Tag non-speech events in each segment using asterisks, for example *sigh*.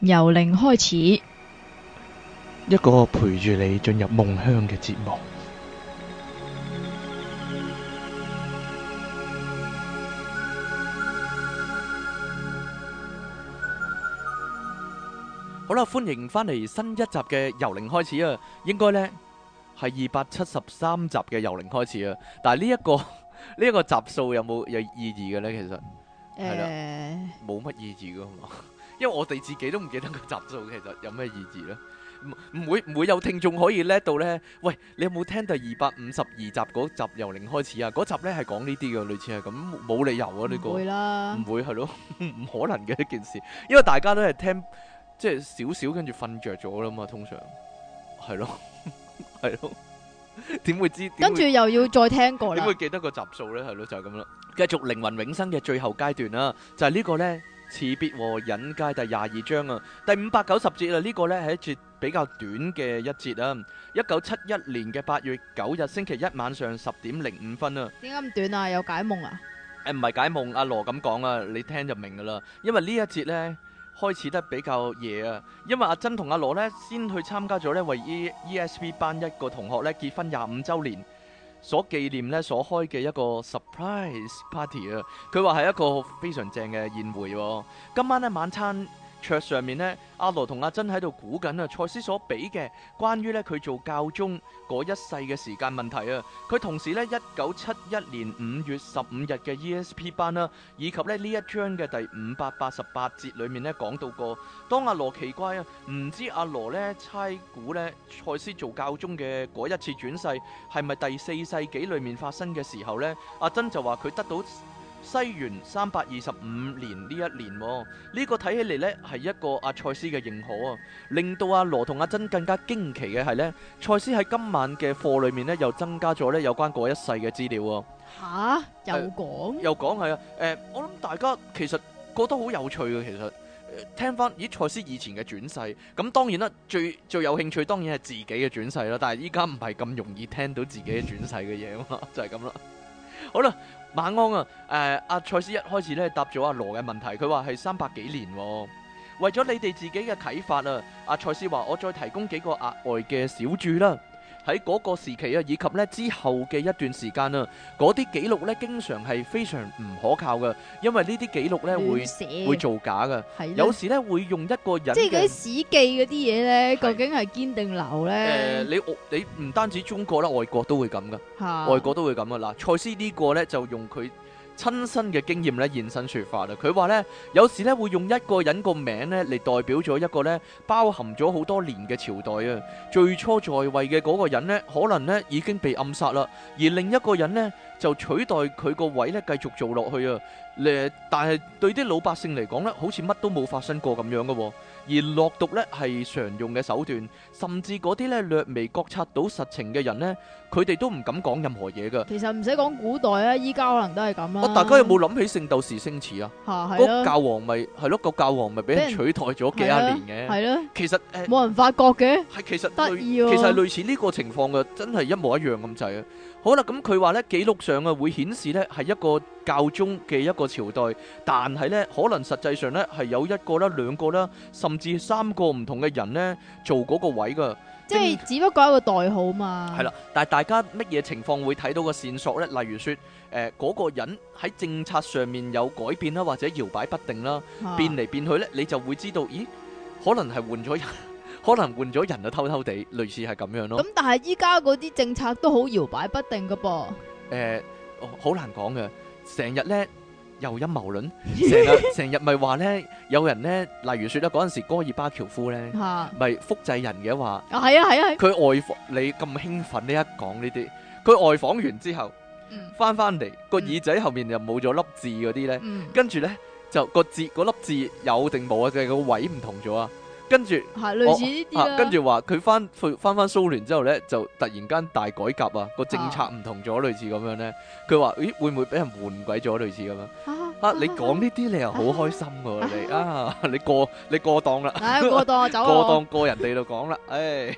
由零開始，一個陪住你進入夢鄉嘅節目。好啦，歡迎翻嚟新一集嘅由零開始啊！應該呢係二百七十三集嘅由零開始啊！但係呢一個呢一個集數有冇有意義嘅呢？其實係啦，冇乜意義噶。因為我哋自己都唔記得個集數，其實有咩意義咧？唔唔會唔會有聽眾可以叻到咧？喂，你有冇聽第二百五十二集嗰集由零開始啊？嗰集咧係講呢啲嘅，類似係咁，冇理由啊呢個。唔會啦，唔會係咯，唔可能嘅一件事。因為大家都係聽即係少少，跟住瞓著咗啦嘛，通常係咯，係咯，點會知？跟住又要再聽過，點會記得個集數咧？係咯，就係咁啦。繼續靈魂永生嘅最後階段啦，就係呢個咧。《辭別和引介》第廿二章啊，第五百九十節啊，呢個咧係一節比較短嘅一節啊。一九七一年嘅八月九日星期一晚上十點零五分啊。點解咁短啊？有解夢啊？誒，唔係解夢，阿羅咁講啊，你聽就明㗎啦。因為呢一節咧開始得比較夜啊。因為阿珍同阿羅咧先去參加咗咧，為 ESP 班一個同學咧結婚廿五週年。所紀念咧，所開嘅一個 surprise party 啊，佢話係一個非常正嘅宴會。今晚咧晚餐，桌上面呢，阿羅同阿珍喺度估緊啊，賽斯所俾嘅關於咧佢做教宗嗰一世嘅時間問題啊。佢同時咧，一九七一年五月十五日嘅 ESP 班啦啊，以及咧呢一章嘅第五百八十八節裏面咧講到過。當阿羅奇怪啊，唔知阿羅咧猜估咧賽斯做教宗嘅嗰一次轉世係咪第四世紀裏面發生嘅時候咧，阿珍就話佢得到。西元三百二十五年呢一年、哦，這個、呢個睇起嚟呢係一個阿、啊、賽斯嘅認可啊、哦，令到阿羅同阿珍更加驚奇嘅係呢。賽斯喺今晚嘅課裏面呢，又增加咗呢有關嗰一世嘅資料、哦呃、啊。吓，又講又講係啊，誒，我諗大家其實覺得好有趣嘅，其實、呃、聽翻咦賽斯以前嘅轉世，咁當然啦，最最有興趣當然係自己嘅轉世啦，但係依家唔係咁容易聽到自己嘅轉世嘅嘢啊嘛，就係咁啦。 *laughs* 好啦。晚安啊！誒阿賽斯一開始咧答咗阿、啊、羅嘅問題，佢話係三百幾年喎。為咗你哋自己嘅啟發啊，阿、啊、賽斯話我再提供幾個額外嘅小注啦。喺嗰個時期啊，以及咧之後嘅一段時間啊，嗰啲記錄咧經常係非常唔可靠嘅，因為呢啲記錄咧會會造假嘅，的有時咧會用一個人即係嗰啲史記嗰啲嘢咧，究竟係堅定流咧？誒、呃，你你唔單止中國啦，外國都會咁㗎，的外國都會咁㗎。嗱，賽斯呢個咧就用佢。親身嘅經驗咧現身說法啦，佢話咧有時咧會用一個人個名咧嚟代表咗一個咧包含咗好多年嘅朝代啊，最初在位嘅嗰個人咧可能咧已經被暗殺啦，而另一個人咧就取代佢個位咧繼續做落去啊，咧但係對啲老百姓嚟講咧好似乜都冇發生過咁樣㗎喎、哦。而落毒咧係常用嘅手段，甚至嗰啲咧略微覺察到實情嘅人咧，佢哋都唔敢講任何嘢㗎。其實唔使講古代啊，依家可能都係咁啊。我大家有冇諗起聖鬥士星矢啊？吓係咯，個教皇咪係咯，個教皇咪俾人取代咗幾廿年嘅。係咯，其實誒，冇人發覺嘅。係其實得意，其實係類似呢個情況嘅，真係一模一樣咁滯啊。好啦，咁佢話呢記錄上啊會顯示呢係一個教宗嘅一個朝代，但係呢可能實際上呢係有一個啦、兩個啦，甚至三個唔同嘅人呢做嗰個位噶，即係只不過一個代號嘛。係啦，但係大家乜嘢情況會睇到個線索呢？例如說，誒嗰個人喺政策上面有改變啦，或者搖擺不定啦，變嚟變去呢，你就會知道，咦，可能係換咗人。可能換咗人就偷偷地類似係咁樣咯。咁但係依家嗰啲政策都好搖擺不定噶噃。誒、呃，好難講嘅，成日咧又陰謀論，成日成 *laughs* 日咪話咧有人咧，例如說咧嗰陣時戈爾巴喬夫咧，咪 *laughs* 複製人嘅話。啊係啊係啊。佢、啊啊啊啊、外訪你咁興奮呢一講呢啲，佢外訪完之後，翻翻嚟個耳仔後面又冇咗粒字嗰啲咧，嗯、跟住咧就個字嗰粒、那個、字有定冇啊？就、那、係個位唔同咗啊？跟住係類似呢啲啦，跟住話佢翻去翻翻蘇聯之後咧，就突然間大改革啊，個政策唔同咗，類似咁樣咧。佢話咦，會唔會俾人換鬼咗，類似咁樣？啊，你講呢啲你又好開心噶，你啊你過你過檔啦，過檔我走過檔過人哋度講啦。唉，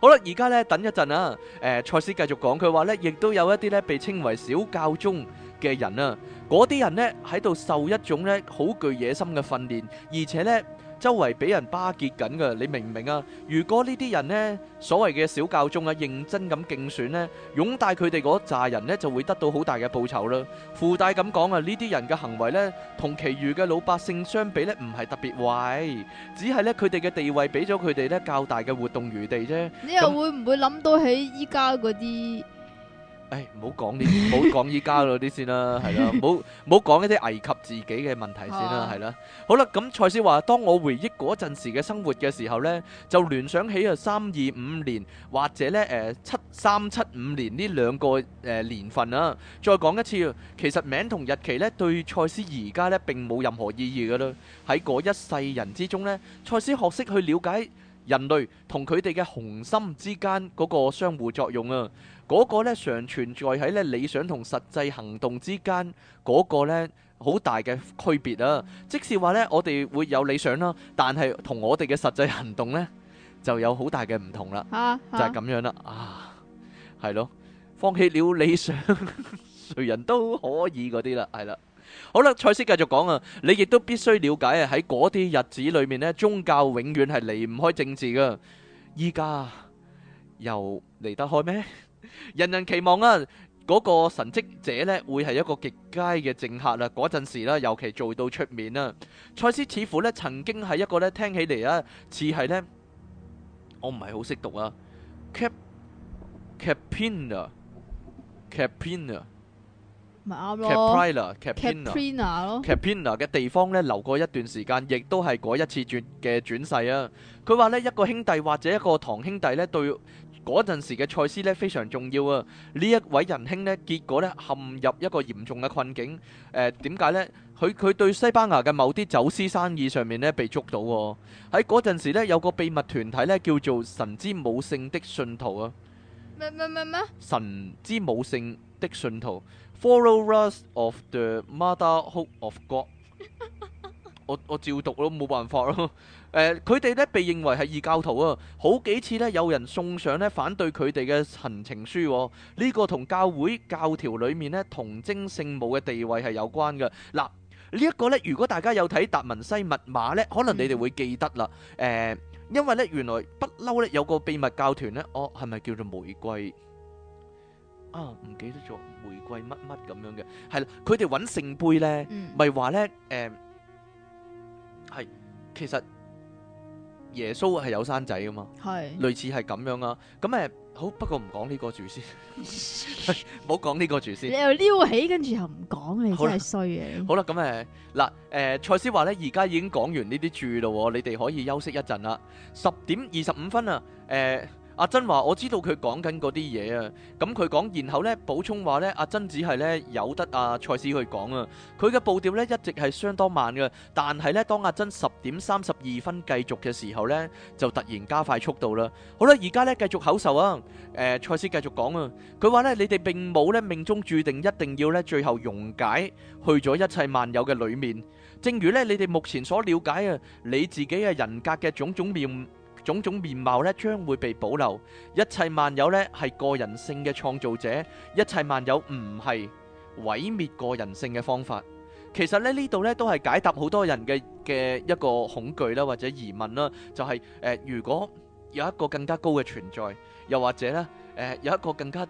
好啦，而家咧等一陣啊，誒，賽斯繼續講，佢話咧亦都有一啲咧被稱為小教宗嘅人啊，嗰啲人咧喺度受一種咧好具野心嘅訓練，而且咧。周圍俾人巴結緊噶，你明唔明啊？如果呢啲人咧，所謂嘅小教宗啊，認真咁競選咧，擁戴佢哋嗰扎人咧，就會得到好大嘅報酬啦。附帶咁講啊，呢啲人嘅行為咧，同其餘嘅老百姓相比咧，唔係特別壞，只係咧，佢哋嘅地位俾咗佢哋咧較大嘅活動餘地啫。你又會唔會諗到喺依家嗰啲？誒，唔好講呢啲，唔好講依家嗰啲先啦，係啦，唔好唔好講一啲危及自己嘅問題先啦，係啦。好啦，咁賽斯話，當我回憶嗰陣時嘅生活嘅時候咧，就聯想起啊三二五年或者咧誒七三七五年呢兩個誒年份啊。再講一次，其實名同日期咧對賽斯而家咧並冇任何意義噶啦。喺嗰一世人之中咧，賽斯學識去了解人類同佢哋嘅雄心之間嗰個相互作用啊。嗰個咧尚常存在喺咧理想同實際行動之間，嗰個咧好大嘅區別啦。即使話咧我哋會有理想啦，但係同我哋嘅實際行動咧就有好大嘅唔同啦。就係咁樣啦。啊，係咯，放棄了理想，誰人都可以嗰啲啦。係啦，好啦，賽斯繼續講啊。你亦都必須了解啊，喺嗰啲日子裏面咧，宗教永遠係離唔開政治噶。依家又離得開咩？人人期望啊，嗰、那個神蹟者咧會係一個極佳嘅政客啦、啊。嗰陣時啦，尤其做到出面啦、啊，蔡司似乎咧曾經係一個咧聽起嚟啊似係咧，我唔係好識讀啊。Cap Capina Capina c a p r i l a Caprina Capina 嘅 Cap Cap 地方咧留過一段時間，亦都係嗰一次轉嘅轉世啊。佢話咧一個兄弟或者一個堂兄弟咧對。嗰陣時嘅賽斯咧非常重要啊！呢一位仁兄呢，結果咧陷入一個嚴重嘅困境。誒點解呢？佢佢對西班牙嘅某啲走私生意上面呢，被捉到喎。喺嗰陣時咧，有個秘密團體呢，叫做神之母性的信徒啊！咩咩咩咩？神之母性的信徒，followers of the motherhood of God。我我照讀咯，冇辦法咯。誒佢哋咧被認為係異教徒啊，好幾次咧有人送上咧反對佢哋嘅陳情書。呢個同教會教條裏面咧童貞聖母嘅地位係有關嘅。嗱，呢一個咧，如果大家有睇達文西密碼咧，可能你哋會記得啦。誒，因為咧原來不嬲咧有個秘密教團咧，哦係咪叫做玫瑰啊？唔記得咗玫瑰乜乜咁樣嘅，係啦，佢哋揾聖杯咧，咪話咧誒係其實。耶穌係有生仔噶嘛？係是類似係咁樣啊。咁、嗯、誒好，不過唔講呢個住先，唔好講呢個住先。 *laughs* 你又撩起跟住又唔講，你真係衰嘅。好啦，咁誒嗱誒，蔡思話咧，而、呃、家已經講完呢啲住咯，你哋可以休息一陣啦。十點二十五分啊，誒、呃。阿珍話：我知道佢講緊嗰啲嘢啊，咁佢講，然後呢補充話呢，阿珍只係呢由得阿賽斯去講啊。佢嘅步調呢，一直係相當慢㗎，但係呢，當阿珍十點三十二分繼續嘅時候呢，就突然加快速度啦。好啦，而家呢，繼續口授啊，誒、呃，賽斯繼續講啊。佢話呢，你哋並冇呢命中注定一定要呢最後溶解去咗一切萬有嘅裏面。正如呢，你哋目前所了解啊，你自己嘅人格嘅種種面。種種面貌呢將會被保留，一切萬有呢係個人性的創造者，一切萬有唔係毀滅個人性的方法。其實呢呢度都係解答好多人的一個恐懼啦或者疑問啦，就係如果有一個更加高的存在，又或者呢，有一個更加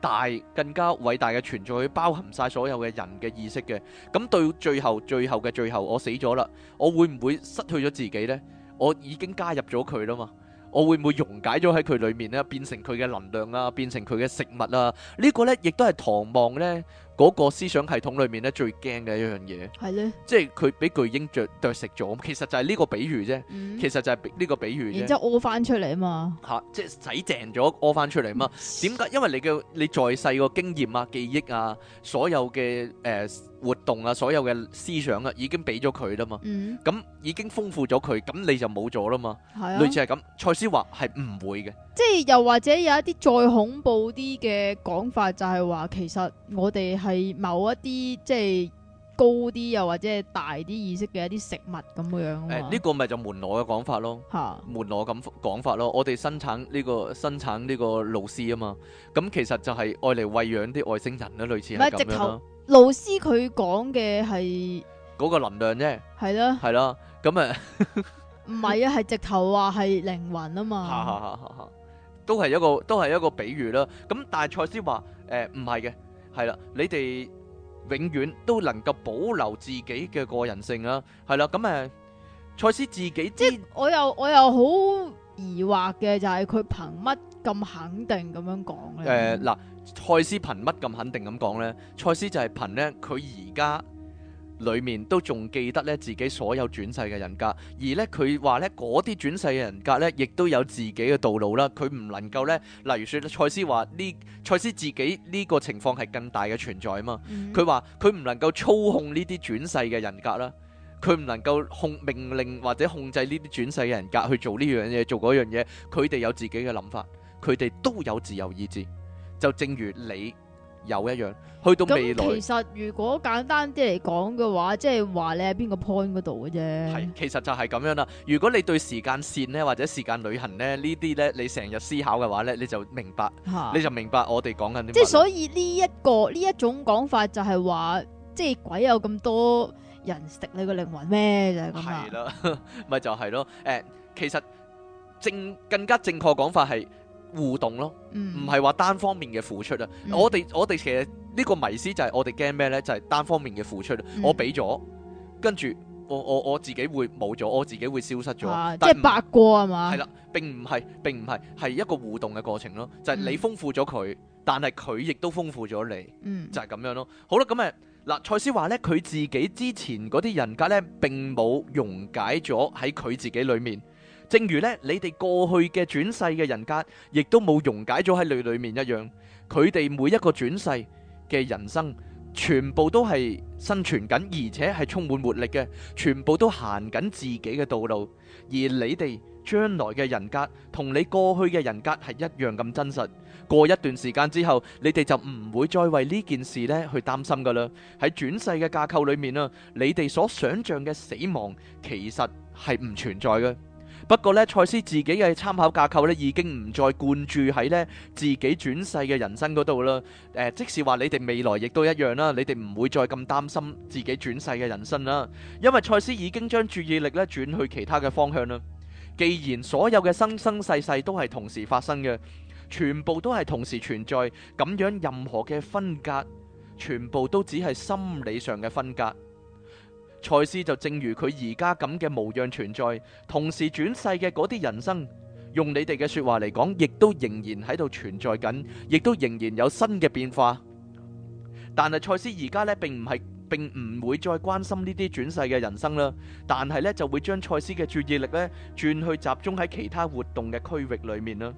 大，更加偉大的存在包含晒所有的人的意識的，噉到最後最後的最後我死咗啦，我會唔會失去咗自己呢？我已經加入咗佢啦嘛，我會唔會溶解咗喺佢裏面咧？變成佢嘅能量啊，變成佢嘅食物啊？呢、呢個呢，亦都係唐望呢。嗰個思想系統裏面咧，最驚嘅一樣嘢，係咧呢，即係佢俾巨嬰着啄食咗。其實就係呢個比喻啫，嗯、其實就係呢個比喻。然之後屙翻出嚟啊嘛，嚇、啊，即係洗淨咗屙翻出嚟啊嘛。點解？因為你嘅你再細個經驗啊、記憶啊、所有嘅誒、呃、活動啊、所有嘅思想啊，已經俾咗佢啦嘛。咁、嗯嗯、已經豐富咗佢，咁你就冇咗啦嘛。啊、類似係咁。蔡思華係唔會嘅。即係又或者有一啲再恐怖啲嘅講法就，就係話其實我哋。係某一啲即係高啲又或者係大啲意識嘅一啲食物咁樣。誒、哎，呢、這個咪就門羅嘅講法咯，嚇、啊、門羅咁講法咯。我哋生產呢、這個生產呢個露絲啊嘛，咁其實就係愛嚟餵養啲外星人啦，類似係咁樣咯。唔係直頭。露絲佢講嘅係嗰個能量啫，係咯係咯，咁啊唔係啊，係直頭話係靈魂啊嘛，啊啊啊啊啊都係一個都係一,一個比喻啦。咁但係賽斯話誒唔係嘅。呃係啦，你哋永遠都能夠保留自己嘅個人性啦、啊。係啦，咁、嗯、誒，賽斯自己即係我又我又好疑惑嘅，就係佢憑乜咁肯定咁樣講咧？誒、呃，嗱，賽斯憑乜咁肯定咁講咧？賽斯就係憑咧佢而家。裏面都仲記得咧自己所有轉世嘅人格，而咧佢話咧嗰啲轉世嘅人格咧，亦都有自己嘅道路啦。佢唔能夠咧，例如説賽斯話呢，賽斯自己呢個情況係更大嘅存在啊嘛。佢話佢唔能夠操控呢啲轉世嘅人格啦，佢唔能夠控命令或者控制呢啲轉世嘅人格去做呢樣嘢做嗰樣嘢，佢哋有自己嘅諗法，佢哋都有自由意志，就正如你。有一樣，去到未來。咁其實如果簡單啲嚟講嘅話，即係話你喺邊個 point 嗰度嘅啫。係，其實就係咁樣啦。如果你對時間線咧，或者時間旅行咧呢啲咧，你成日思考嘅話咧，你就明白，哈你就明白我哋講緊啲。即係所以呢一個呢一種講法就係話，即係鬼有咁多人食你個靈魂咩？就係咁啦。係啦是的，咪 *laughs* 就係咯。誒，其實正更加正確講法係。互動咯，唔係話單方面嘅付出啊！我哋我哋其實呢個迷思就係我哋驚咩呢？就係單方面嘅付出，我俾咗，跟住我我我自己會冇咗，我自己會消失咗。即係八個係嘛？係啦，並唔係，並唔係，係一個互動嘅過程咯。就係你豐富咗佢，但係佢亦都豐富咗你。嗯，就係咁樣咯。好啦，咁誒，嗱，賽斯話呢，佢自己之前嗰啲人格呢，並冇溶解咗喺佢自己裏面。正如咧，你哋過去嘅轉世嘅人格，亦都冇溶解咗喺你裏面一樣。佢哋每一個轉世嘅人生，全部都係生存緊，而且係充滿活力嘅，全部都行緊自己嘅道路。而你哋將來嘅人格，同你過去嘅人格係一樣咁真實。過一段時間之後，你哋就唔會再為呢件事咧去擔心噶啦。喺轉世嘅架構裏面啊，你哋所想象嘅死亡，其實係唔存在嘅。不過咧，賽斯自己嘅參考架構咧，已經唔再灌注喺咧自己轉世嘅人生嗰度啦。誒、呃，即使話你哋未來亦都一樣啦，你哋唔會再咁擔心自己轉世嘅人生啦，因為賽斯已經將注意力咧轉去其他嘅方向啦。既然所有嘅生生世世都係同時發生嘅，全部都係同時存在，咁樣任何嘅分隔，全部都只係心理上嘅分隔。賽斯就正如佢而家咁嘅模樣存在，同時轉世嘅嗰啲人生，用你哋嘅說話嚟講，亦都仍然喺度存在緊，亦都仍然有新嘅變化。但係賽斯而家呢，並唔係，並唔會再關心呢啲轉世嘅人生啦。但係呢，就會將賽斯嘅注意力咧轉去集中喺其他活動嘅區域裏面啦。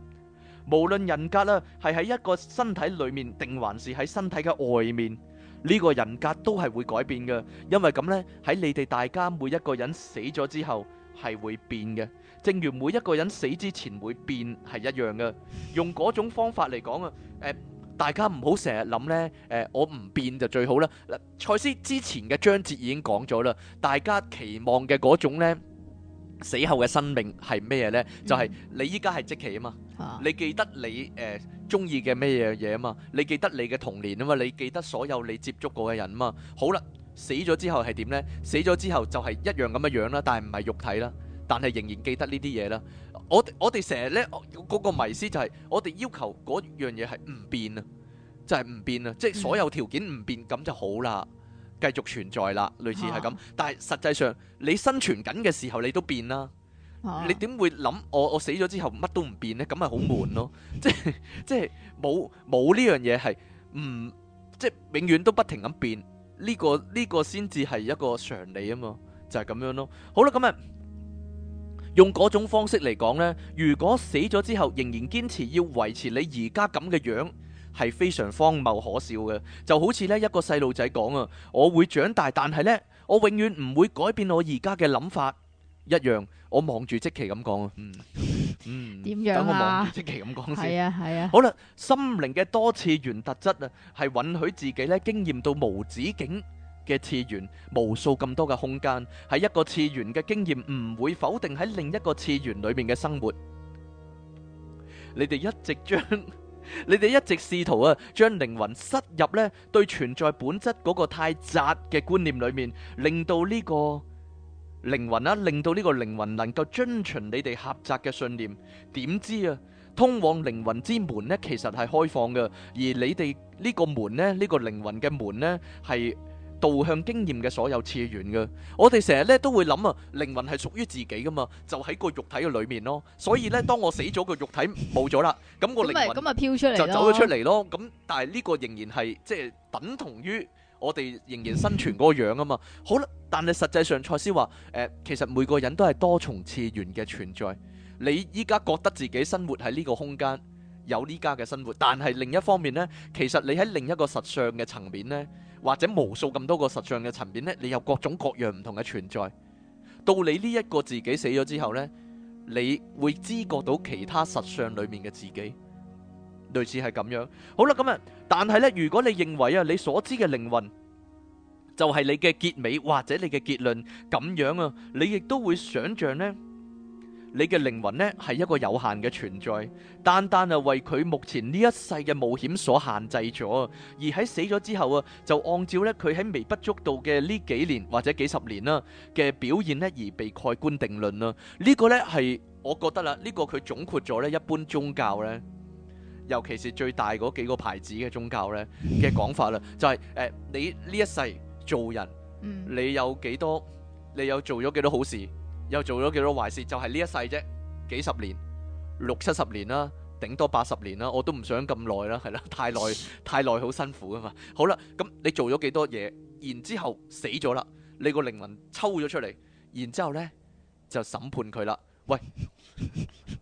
無論人格啦，係喺一個身體裏面，定還是喺身體嘅外面。呢個人格都係會改變嘅，因為咁呢，喺你哋大家每一個人死咗之後係會變嘅，正如每一個人死之前會變係一樣嘅。用嗰種方法嚟講啊，大家唔好成日諗呢，誒、呃、我唔變就最好啦。賽斯之前嘅章節已經講咗啦，大家期望嘅嗰種咧。死後嘅生命係咩呢？就係、是、你依家係即期啊、呃、嘛，你記得你誒中意嘅咩嘢嘢啊嘛，你記得你嘅童年啊嘛，你記得所有你接觸過嘅人啊嘛。好啦，死咗之後係點呢？死咗之後就係一樣咁嘅樣啦，但係唔係肉體啦，但係仍然記得呢啲嘢啦。我我哋成日呢，嗰、那個迷思就係我哋要求嗰樣嘢係唔變啊，就係、是、唔變啊，即、就、係、是、所有條件唔變咁就好啦。嗯繼續存在啦，類似係咁，但係實際上你生存緊嘅時候，你都變啦。你點會諗我我死咗之後乜都唔變呢？咁咪好悶咯，即係即係冇冇呢樣嘢係唔即係永遠都不停咁變，呢個呢個先至係一個常理啊嘛，就係咁樣咯。好啦，咁啊用嗰種方式嚟講呢，如果死咗之後仍然堅持要維持你而家咁嘅樣。係非常荒謬可笑嘅，就好似咧一個細路仔講啊，我會長大，但係咧我永遠唔會改變我而家嘅諗法一樣。我望住即期咁講啊，嗯，嗯，點樣啊？等我望住即期咁講先。係啊係啊。好啦，心靈嘅多次元特質啊，係允許自己咧經驗到無止境嘅次元，無數咁多嘅空間，喺一個次元嘅經驗唔會否定喺另一個次元裏面嘅生活。你哋一直將。你哋一直試圖啊，將靈魂塞入呢對存在本質嗰個太窄嘅觀念裏面，令到呢個靈魂啊，令到呢個靈魂能夠遵循你哋狹窄嘅信念。點知啊，通往靈魂之門呢，其實係開放嘅，而你哋呢個門呢，呢個靈魂嘅門呢，係。導向經驗嘅所有次元嘅，我哋成日咧都會諗啊，靈魂係屬於自己噶嘛，就喺個肉體嘅裏面咯。所以咧，當我死咗，個肉體冇咗啦，咁個靈魂咁咪咁飄出嚟咯，就走咗出嚟咯。咁但係呢個仍然係即係等同於我哋仍然生存嗰個樣啊嘛。好啦，但係實際上賽斯話誒，其實每個人都係多重次元嘅存在。你依家覺得自己生活喺呢個空間有呢家嘅生活，但係另一方面咧，其實你喺另一個實相嘅層面咧。或者無數咁多個實相嘅層面呢，你有各種各樣唔同嘅存在。到你呢一個自己死咗之後呢，你會知覺到其他實相裏面嘅自己，類似係咁樣。好啦，咁啊，但係呢，如果你認為啊，你所知嘅靈魂就係你嘅結尾或者你嘅結論咁樣啊，你亦都會想象呢。你嘅靈魂咧係一個有限嘅存在，單單啊為佢目前呢一世嘅冒險所限制咗，而喺死咗之後啊就按照咧佢喺微不足道嘅呢幾年或者幾十年啦嘅表現咧而被蓋棺定論啦。這個、呢個咧係我覺得啦，呢、這個佢總括咗咧一般宗教咧，尤其是最大嗰幾個牌子嘅宗教咧嘅講法啦，就係、是、誒、呃、你呢一世做人，你有幾多，你有做咗幾多好事。又做咗幾多壞事？就係、是、呢一世啫，幾十年，六七十年啦、啊，頂多八十年啦、啊，我都唔想咁耐啦，係啦，太耐太耐好辛苦噶嘛。好啦，咁你做咗幾多嘢？然之後死咗啦，你個靈魂抽咗出嚟，然之後呢，就審判佢啦。喂，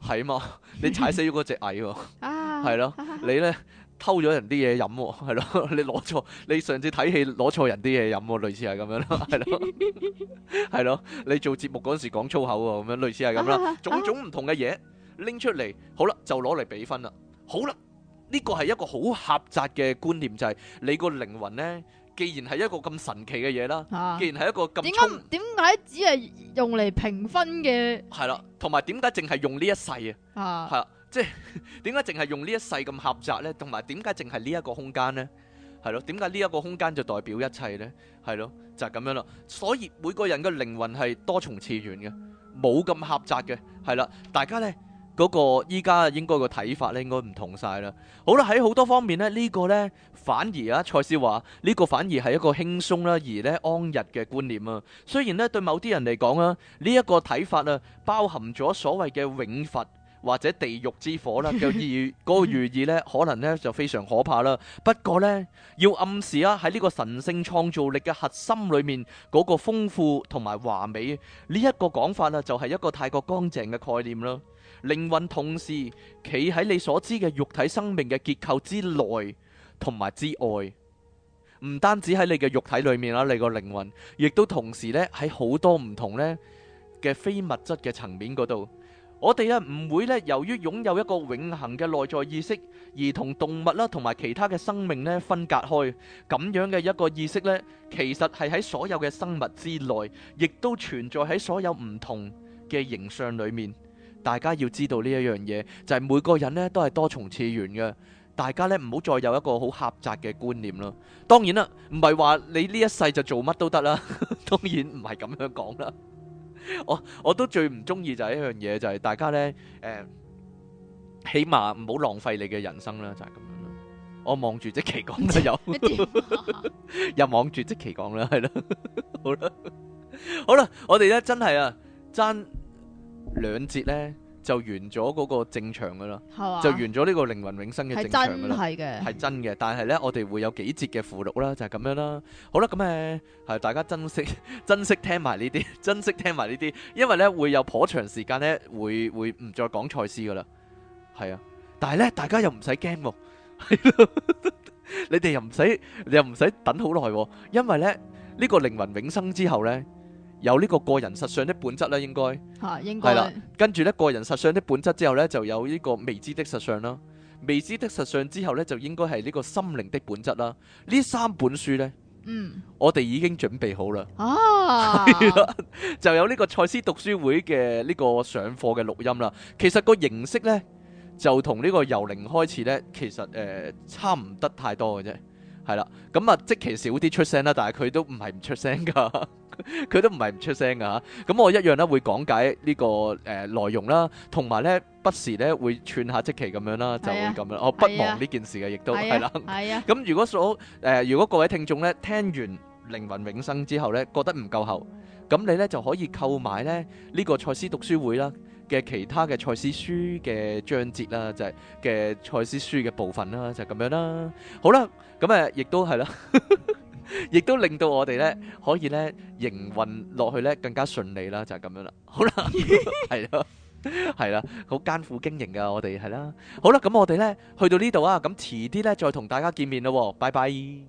係嘛？ *laughs* 你踩死咗嗰隻蟻喎、啊，係咯？ *laughs* *laughs* *laughs* 你呢？偷咗人啲嘢飲，係咯？你攞錯，你上次睇戲攞錯人啲嘢飲，類似係咁樣咯，係咯，係咯。你做節目嗰時講粗口喎，咁樣類似係咁啦，種種唔同嘅嘢拎出嚟，好啦，就攞嚟比分啦。好啦，呢個係一個好狹窄嘅觀念，就係你個靈魂呢？既然係一個咁神奇嘅嘢啦，既然係一個咁點解點解只係用嚟評分嘅？係啦，同埋點解淨係用呢一世啊？係啦。即係點解淨係用呢一世咁狹窄呢？同埋點解淨係呢一個空間呢？係咯？點解呢一個空間就代表一切呢？係咯？就係、是、咁樣咯。所以每個人嘅靈魂係多重次元嘅，冇咁狹窄嘅。係啦，大家呢嗰、那個依家應該個睇法咧，應該唔同晒啦。好啦，喺好多方面、這個、呢，呢個呢反而啊賽斯話呢個反而係一個輕鬆啦，而呢安逸嘅觀念啊。雖然呢對某啲人嚟講啊，呢、這、一個睇法啊，包含咗所謂嘅永罰。或者地獄之火啦，個意嗰個寓意呢，可能呢，就非常可怕啦。不過呢，要暗示啊，喺呢個神聖創造力嘅核心裏面，嗰個豐富同埋華美，呢一個講法呢就係一個太過乾淨嘅概念啦。靈魂同時企喺你所知嘅肉體生命嘅結構之內同埋之外，唔單止喺你嘅肉體裏面啦，你個靈魂亦都同時呢，喺好多唔同呢嘅非物質嘅層面嗰度。我哋啊唔會咧，由於擁有一個永恒嘅內在意識，而同動物啦，同埋其他嘅生命咧分隔開。咁樣嘅一個意識咧，其實係喺所有嘅生物之內，亦都存在喺所有唔同嘅形象裏面。大家要知道呢一樣嘢，就係每個人咧都係多重次元嘅。大家咧唔好再有一個好狹窄嘅觀念啦。當然啦，唔係話你呢一世就做乜都得啦。當然唔係咁樣講啦。我我都最唔中意就係一樣嘢就係、是、大家咧誒、呃，起碼唔好浪費你嘅人生啦，就係、是、咁樣咯。我望住即期講都有， *laughs* *laughs* 又望住即期講啦，係咯，好啦，好啦，我哋咧真係啊，爭兩節咧。就完咗嗰個正常噶啦，就完咗呢個靈魂永生嘅正常噶啦，係真嘅，係真嘅。但係咧，我哋會有幾節嘅附錄啦，就係咁樣啦。好啦，咁誒，係大家珍惜珍惜聽埋呢啲，珍惜聽埋呢啲，因為咧會有頗長時間咧，會會唔再講賽事噶啦。係啊，但係咧，大家又唔使驚，係咯，你哋又唔使又唔使等好耐，因為咧呢個靈魂永生之後咧。有呢個個人實相的本質咧，應該係啦、啊。跟住咧，個人實相的本質之後咧，就有呢個未知的實相啦。未知的實相之後咧，就應該係呢個心靈的本質啦。呢三本書咧，嗯，我哋已經準備好啦。哦、啊，就有呢個賽斯讀書會嘅呢個上課嘅錄音啦。其實個形式咧，就同呢個由零開始咧，其實誒、呃、差唔得太多嘅啫。係啦，咁啊，即期少啲出聲啦，但係佢都唔係唔出聲噶，佢 *laughs* 都唔係唔出聲噶吓，咁我一樣咧會講解呢、這個誒、呃、內容啦，同埋咧不時咧會串下即期咁樣啦，就會咁樣，哦不忘呢件事嘅，亦都係啦，咁如果所誒、呃、如果各位聽眾咧聽完靈魂永生之後咧覺得唔夠喉，咁你咧就可以購買咧呢、這個賽斯讀書會啦。嘅其他嘅《賽斯書》嘅章節啦，就係嘅《賽斯書》嘅部分啦，就咁、是、樣啦。好啦，咁誒，亦都係啦，亦 *laughs* 都令到我哋咧可以咧營運落去咧更加順利啦，就係、是、咁樣啦。好啦，係 *laughs* 咯，係啦，好艱苦經營噶，我哋係啦。好啦，咁我哋咧去到呢度啊，咁遲啲咧再同大家見面咯，拜拜。喺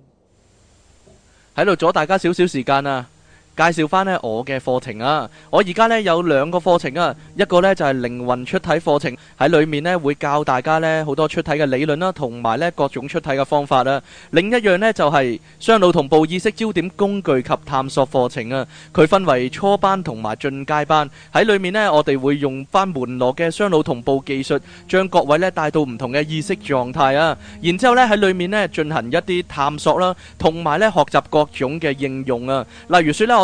度阻大家少少時間啊！介紹翻呢我嘅課程啊！我而家呢有兩個課程啊，一個呢就係靈魂出體課程，喺裡面呢會教大家呢好多出體嘅理論啦，同埋呢各種出體嘅方法啊。另一樣呢就係雙腦同步意識焦點工具及探索課程啊。佢分為初班同埋進階班，喺裡面呢我哋會用翻門羅嘅雙腦同步技術，將各位呢帶到唔同嘅意識狀態啊。然之後呢喺裡面呢進行一啲探索啦，同埋呢學習各種嘅應用啊。例如説呢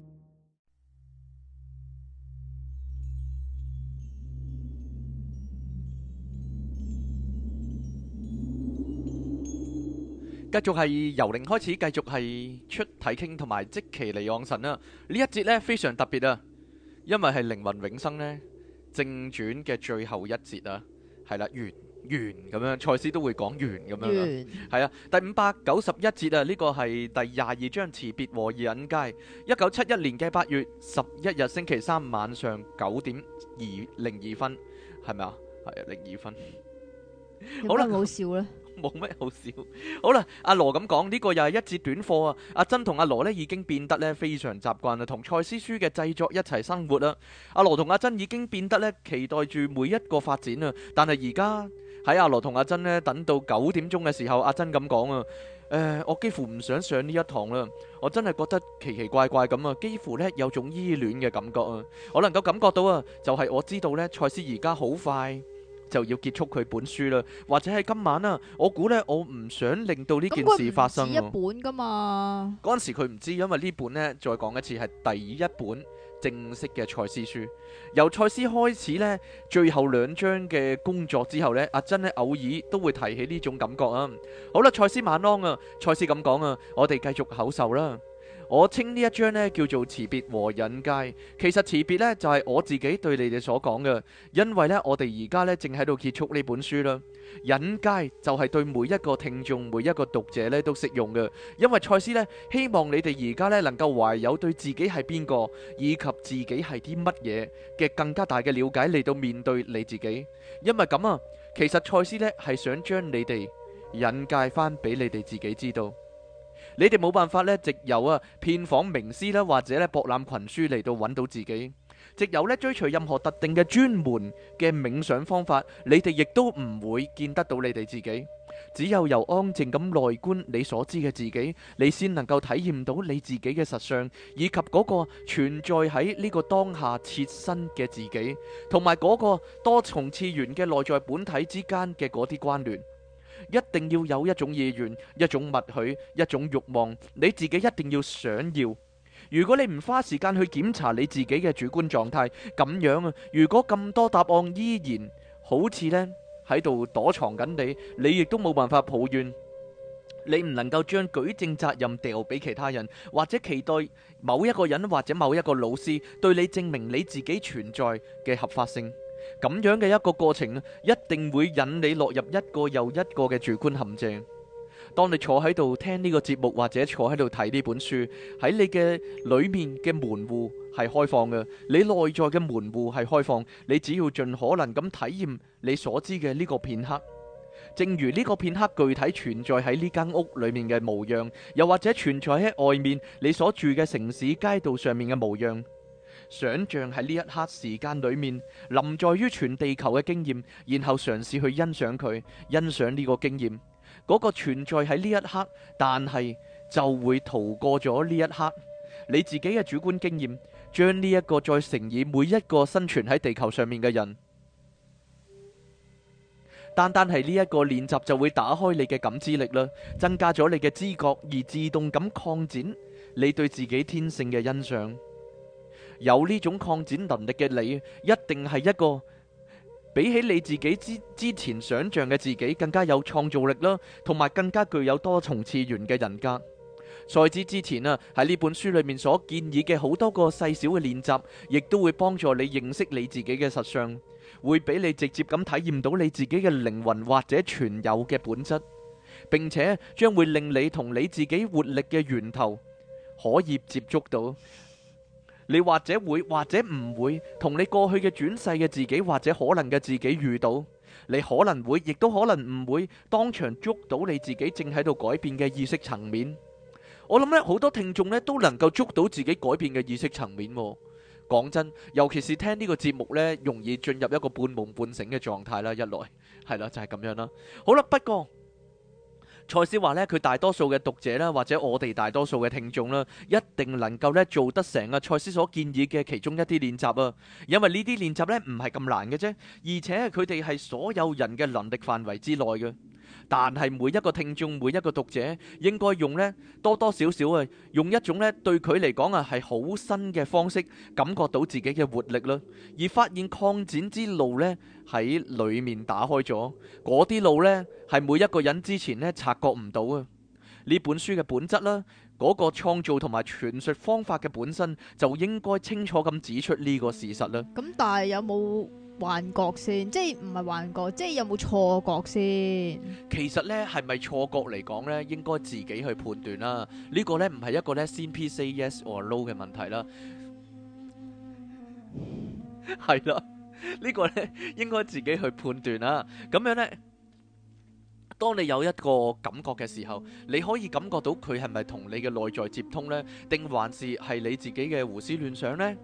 繼續係由零開始，繼續係出體傾同埋即期離岸神啦、啊。一節呢一節咧非常特別啊，因為係靈魂永生咧正傳嘅最後一節啦、啊，係啦、啊、完完咁樣，賽斯都會講完咁樣係啊，完 啊，第五百九十一節啊，呢個係第廿二章辭別和引介。一九七一年嘅八月十一日星期三晚上九點二零二分，係咪啊？係零二分。 *laughs* 好冇啦好笑咧？ *laughs* 冇咩好笑。好啦，阿羅咁講呢個又係一節短課啊。阿珍同阿羅呢已經變得呢非常習慣啦，同賽斯書嘅製作一齊生活啦。阿羅同阿珍已經變得呢期待住每一個發展啊。但係而家喺阿羅同阿珍呢等到九點鐘嘅時候，阿珍咁講啊，誒、呃，我幾乎唔想上呢一堂啦。我真係覺得奇奇怪怪咁啊，幾乎呢有種依戀嘅感覺啊。我能夠感覺到啊，就係、是、我知道呢，賽斯而家好快。就要結束佢本書啦，或者係今晚啊，我估呢，我唔想令到呢件事發生啊。一本噶嘛？嗰陣時佢唔知，因為呢本呢，再講一次係第一本正式嘅賽斯書，由賽斯開始呢，最後兩章嘅工作之後呢，阿珍呢，偶爾都會提起呢種感覺啊。好啦，賽斯晚安啊，賽斯咁講啊，我哋繼續口授啦。我稱呢一章咧叫做辭別和引介，其實辭別呢，就係、是、我自己對你哋所講嘅，因為呢，我哋而家呢正喺度結束呢本書啦。引介就係對每一個聽眾、每一個讀者呢都適用嘅，因為賽斯呢，希望你哋而家呢能夠懷有對自己係邊個以及自己係啲乜嘢嘅更加大嘅了解嚟到面對你自己，因為咁啊，其實賽斯呢係想將你哋引介返俾你哋自己知道。你哋冇辦法咧，直由啊遍訪名師啦，或者咧博覽群書嚟到揾到自己，直由咧追隨任何特定嘅專門嘅冥想方法，你哋亦都唔會見得到你哋自己。只有由安靜咁內觀你所知嘅自己，你先能夠體驗到你自己嘅實相以及嗰個存在喺呢個當下切身嘅自己，同埋嗰個多重次元嘅內在本體之間嘅嗰啲關聯。一定要有一種意願、一種默許、一種欲望，你自己一定要想要。如果你唔花時間去檢查你自己嘅主觀狀態，咁樣啊，如果咁多答案依然好似呢喺度躲藏緊你，你亦都冇辦法抱怨，你唔能夠將舉證責任掉俾其他人，或者期待某一個人或者某一個老師對你證明你自己存在嘅合法性。咁樣嘅一個過程，一定會引你落入一個又一個嘅主觀陷阱。當你坐喺度聽呢個節目，或者坐喺度睇呢本書，喺你嘅裏面嘅門戶係開放嘅，你內在嘅門戶係開放，你只要盡可能咁體驗你所知嘅呢個片刻。正如呢個片刻具體存在喺呢間屋裏面嘅模樣，又或者存在喺外面你所住嘅城市街道上面嘅模樣。想象喺呢一刻時間裏面，臨在於全地球嘅經驗，然後嘗試去欣賞佢，欣賞呢個經驗，嗰、那個存在喺呢一刻，但係就會逃過咗呢一刻。你自己嘅主觀經驗，將呢一個再乘以每一個生存喺地球上面嘅人，單單係呢一個練習就會打開你嘅感知力啦，增加咗你嘅知覺，而自動咁擴展你對自己天性嘅欣賞。有呢種擴展能力嘅你，一定係一個比起你自己之之前想象嘅自己更加有創造力啦，同埋更加具有多重次元嘅人格。在此之前啊，喺呢本書裏面所建議嘅好多個細小嘅練習，亦都會幫助你認識你自己嘅實相，會俾你直接咁體驗到你自己嘅靈魂或者存有嘅本質，並且將會令你同你自己活力嘅源頭可以接觸到。你或者會或者唔會同你過去嘅轉世嘅自己或者可能嘅自己遇到？你可能會，亦都可能唔會當場捉到你自己正喺度改變嘅意識層面。我諗呢，好多聽眾呢都能夠捉到自己改變嘅意識層面。講真，尤其是聽呢個節目呢，容易進入一個半夢半醒嘅狀態啦。一來係啦，就係咁樣啦。好啦，不過。賽斯話咧，佢大多數嘅讀者啦，或者我哋大多數嘅聽眾啦，一定能夠咧做得成啊！賽斯所建議嘅其中一啲練習啊，因為呢啲練習咧唔係咁難嘅啫，而且佢哋係所有人嘅能力範圍之內嘅。但係每一個聽眾、每一個讀者應該用呢，多多少少啊，用一種呢，對佢嚟講啊係好新嘅方式，感覺到自己嘅活力啦，而發現擴展之路呢，喺裏面打開咗，嗰啲路呢，係每一個人之前呢察覺唔到啊。呢本書嘅本質啦，嗰、嗰個創造同埋傳述方法嘅本身就應該清楚咁指出呢個事實啦。咁但係有冇？幻覺先，即係唔係幻覺，即係有冇錯覺先？其實呢係咪錯覺嚟講呢？應該自己去判斷啦、啊。呢、呢個呢唔係一個呢，先 P say yes or no 嘅問題啦。係 *laughs* 啦，呢、呢個呢應該自己去判斷啦、啊。咁樣呢，當你有一個感覺嘅時候，你可以感覺到佢係咪同你嘅內在接通呢？定還是係你自己嘅胡思亂想呢？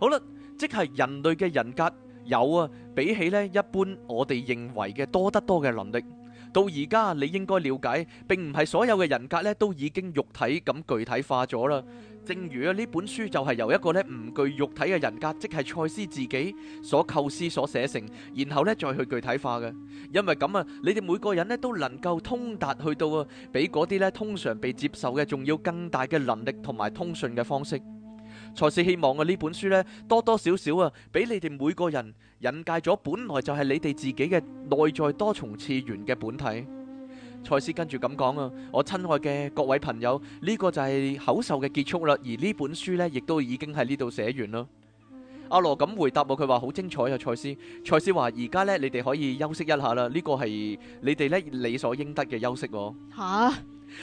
好啦。即係人類嘅人格有啊，比起咧一般我哋認為嘅多得多嘅能力，到而家你應該了解，並唔係所有嘅人格咧都已經肉體咁具體化咗啦。正如啊呢本書就係由一個咧唔具肉體嘅人格，即係賽斯自己所構思、所寫成，然後咧再去具體化嘅。因為咁啊，你哋每個人咧都能夠通達去到啊比嗰啲咧通常被接受嘅，仲要更大嘅能力同埋通訊嘅方式。蔡斯希望嘅呢本書呢，多多少少啊，俾你哋每個人引介咗本來就係你哋自己嘅內在多重次元嘅本體。蔡斯跟住咁講啊，我親愛嘅各位朋友，呢、這個就係口授嘅結束啦，而呢本書呢，亦都已經喺呢度寫完啦。阿羅咁回答我，佢話好精彩啊，蔡斯。蔡斯話而家呢，你哋可以休息一下啦，呢、這個係你哋呢，理所應得嘅休息喎。吓！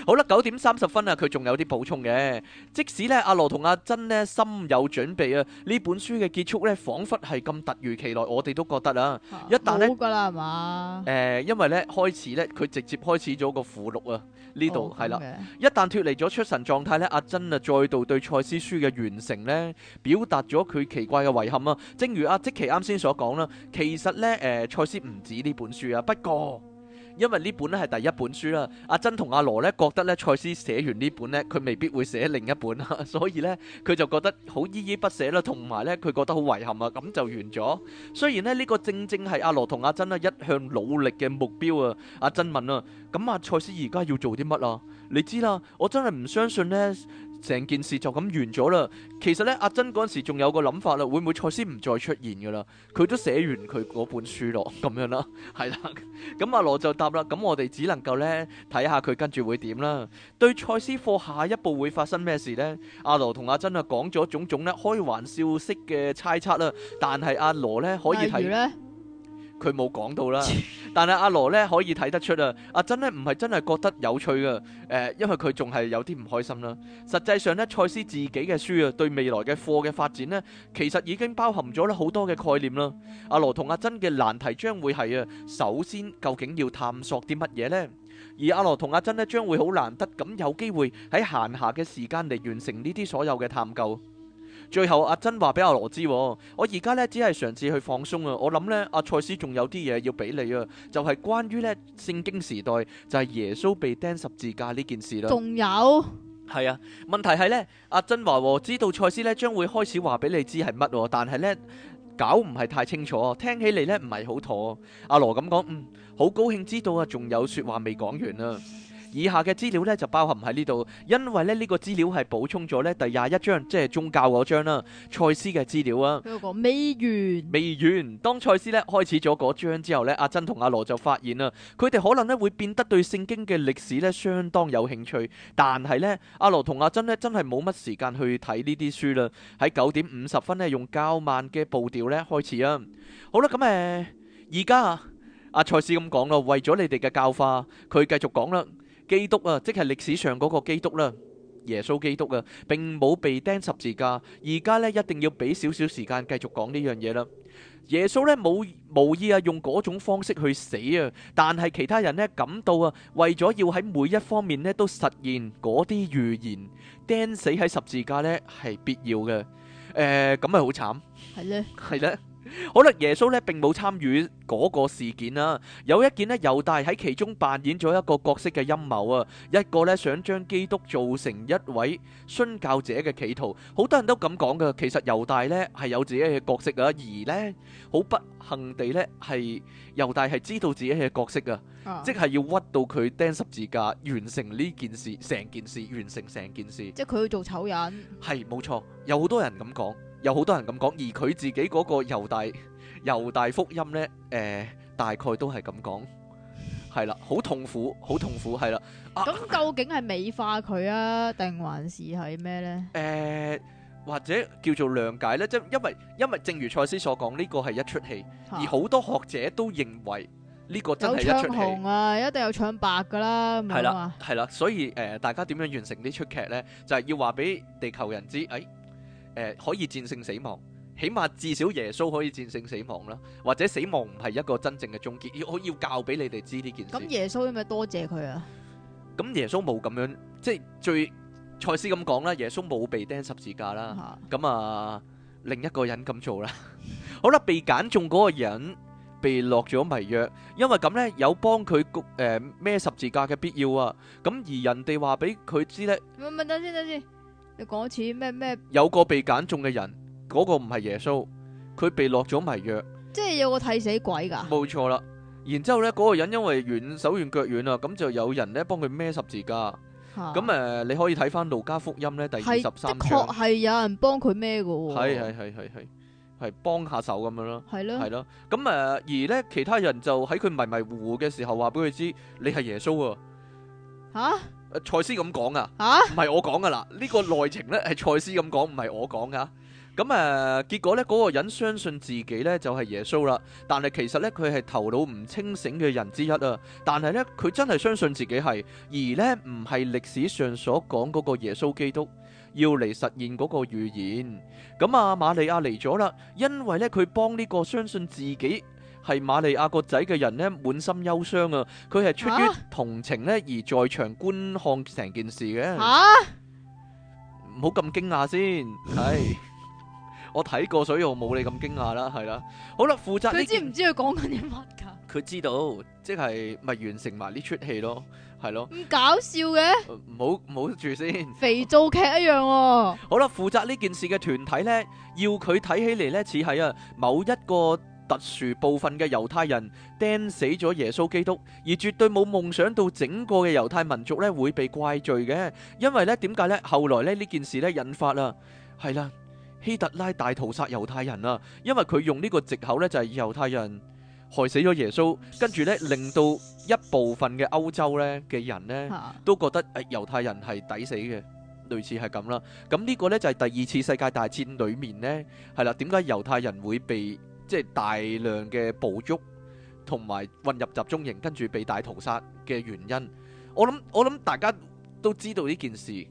好啦，九點三十分啊，佢仲有啲補充嘅。即使咧阿羅同阿珍呢，心有準備啊，呢本書嘅結束咧仿佛係咁突如其來，我哋都覺得啊，啊一旦咧好㗎啦，係嘛、呃？因為咧開始咧佢直接開始咗個附錄啊，呢度係啦。一旦脫離咗出神狀態咧，阿珍啊再度對賽斯書嘅完成咧表達咗佢奇怪嘅遺憾啊。正如阿、啊、即奇啱先所講啦，其實咧誒賽斯唔止呢本書啊，不過。因為呢本咧係第一本書啦，阿珍同阿羅咧覺得咧賽斯寫完呢本咧，佢未必會寫另一本啦，所以咧佢就覺得好依依不捨啦，同埋咧佢覺得好遺憾啊，咁就完咗。雖然咧呢個正正係阿羅同阿珍啊一向努力嘅目標啊，阿珍問啊，咁阿賽斯而家要做啲乜啊？你知啦，我真係唔相信咧。成件事就咁完咗啦。其實咧，阿珍嗰陣時仲有個諗法啦，會唔會賽斯唔再出現噶啦？佢都寫完佢嗰本書咯，咁樣啦，係 *laughs* 啦。咁阿羅就答啦，咁我哋只能夠咧睇下佢跟住會點啦。對賽斯課下一步會發生咩事呢？阿羅同阿珍啊講咗種種咧開玩笑式嘅猜測啦，但係阿羅咧可以提。佢冇講到啦，但係阿羅咧可以睇得出啊，阿珍呢，唔係真係覺得有趣噶，誒、呃，因為佢仲係有啲唔開心啦。實際上呢，賽斯自己嘅書啊，對未來嘅課嘅發展呢，其實已經包含咗好多嘅概念啦。阿羅同阿珍嘅難題將會係啊，首先究竟要探索啲乜嘢呢？而阿羅同阿珍呢，將會好難得咁有機會喺閒暇嘅時間嚟完成呢啲所有嘅探究。最後阿珍話俾阿羅知，我而家咧只係嘗試去放鬆啊！我諗咧阿賽斯仲有啲嘢要俾你啊，就係關於咧聖經時代就係耶穌被釘十字架呢件事啦。仲有？係啊，問題係咧，阿珍話知道賽斯咧將會開始話俾你知係乜，但係咧搞唔係太清楚，聽起嚟咧唔係好妥。阿羅咁講，嗯，好高興知道啊，仲有說話未講完啊。以下嘅資料呢，就包含喺呢度，因為咧呢、呢個資料係補充咗呢第廿一章，即係宗教嗰章啦、啊。賽斯嘅資料啊，未完，未完。當賽斯呢開始咗嗰章之後呢，阿珍同阿羅就發現啦，佢哋可能呢會變得對聖經嘅歷史呢相當有興趣，但係呢，阿羅同阿珍呢真係冇乜時間去睇呢啲書啦。喺九點五十分呢，用較慢嘅步調呢開始啊。好啦，咁、嗯、誒，而家阿賽斯咁講咯，為咗你哋嘅教化，佢繼續講啦。基督啊，即係歷史上嗰個基督啦，耶穌基督啊，並冇被釘十字架。而家咧，一定要俾少少時間繼續講呢樣嘢啦。耶穌咧，冇無意啊，用嗰種方式去死啊，但係其他人咧，感到啊，為咗要喺每一方面咧，都實現嗰啲預言，釘死喺十字架咧係必要嘅。誒，咁咪好慘？係咧，係咧。可能耶穌呢並冇參與嗰個事件啊。有一件呢，猶大喺其中扮演咗一個角色嘅陰謀啊，一個呢，想將基督做成一位殉教者嘅企圖，好多人都咁講噶。其實猶大呢係有自己嘅角色啊，而呢，好不幸地呢，係猶大係知道自己嘅角色啊，即係要屈到佢釘十字架，完成呢件事，成件事完成成件事。件事即係佢要做醜人。係冇錯，有好多人咁講。有好多人咁講，而佢自己嗰個猶大猶大福音呢，誒、呃、大概都係咁講，係啦，好痛苦，好痛苦，係啦。咁、啊嗯啊、究竟係美化佢啊，定還是係咩呢？誒、呃，或者叫做諒解呢？即因為因為正如賽斯所講，呢、這個係一出戲，啊、而好多學者都認為呢個真係一出戲。有唱紅啊，一定有唱白噶啦，係啦，係啦，所以誒、呃，大家點樣完成呢出劇呢？就係、是、要話俾地球人知，誒、哎。誒、呃，可以戰勝死亡，起碼至少耶穌可以戰勝死亡啦，或者死亡唔係一個真正嘅終結。要我要教俾你哋知呢件事。咁耶穌要咪多謝佢啊？咁、嗯、耶穌冇咁樣，即係最賽斯咁講啦，耶穌冇被釘十字架啦。咁 *laughs* 啊，另一個人咁做啦。 *laughs* 好啦，被揀中嗰個人被落咗迷藥，因為咁咧有幫佢焗誒孭十字架嘅必要啊。咁而人哋話俾佢知咧，唔等先等先。等等等等你講一次咩咩？一有個被揀中嘅人，嗰、嗰個唔係耶穌，佢被落咗迷藥。即係有個替死鬼噶。冇錯啦，然之後咧，嗰個人因為軟手軟腳軟啦，咁就有人咧幫佢孭十字架。咁誒、啊，你可以睇翻路加福音咧第二十三章。的確係有人幫佢孭噶喎。係係係係係係幫下手咁樣咯。係咯係咯，咁誒，而咧其他人就喺佢迷迷糊糊嘅時候話俾佢知，你係耶穌啊。吓？誒，賽斯咁講噶，唔係我講噶啦。呢個內情呢，係賽斯咁講，唔係我講噶。咁誒，結果呢，嗰個人相信自己呢，就係耶穌啦，但係其實呢，佢係頭腦唔清醒嘅人之一啊。但係呢，佢真係相信自己係，而呢，唔係歷史上所講嗰個耶穌基督要嚟實現嗰個預言。咁、嗯、啊，瑪利亞嚟咗啦，因為呢，佢幫呢個相信自己。係瑪利亞個仔嘅人咧，滿心憂傷啊！佢係出於同情咧，而在場觀看成件事嘅。吓，唔好咁驚訝先。係，我睇過，所以我冇你咁驚訝啦。係啦，好啦，負責。佢知唔知佢講緊啲乜噶？佢知道，即係咪完成埋呢齣戲咯？係咯。咁搞笑嘅，唔好唔好住先。肥皂劇一樣喎。好啦，負責呢件事嘅團體咧，要佢睇起嚟咧似係啊某一個特殊部分嘅猶太人釘死咗耶穌基督，而絕對冇夢想到整個嘅猶太民族呢會被怪罪嘅。因為呢，點解呢？後來呢呢件事呢引發啦，係啦，希特拉大屠殺猶太人啊！因為佢用呢個藉口呢就係猶太人害死咗耶穌，跟住呢令到一部分嘅歐洲呢嘅人呢都覺得誒猶太人係抵死嘅，類似係咁啦。咁呢個呢就係第二次世界大戰裡面呢，係啦，點解猶太人會被？即係大量嘅捕捉同埋混入集中營，跟住被大屠殺嘅原因。我諗我諗大家都知道呢件事。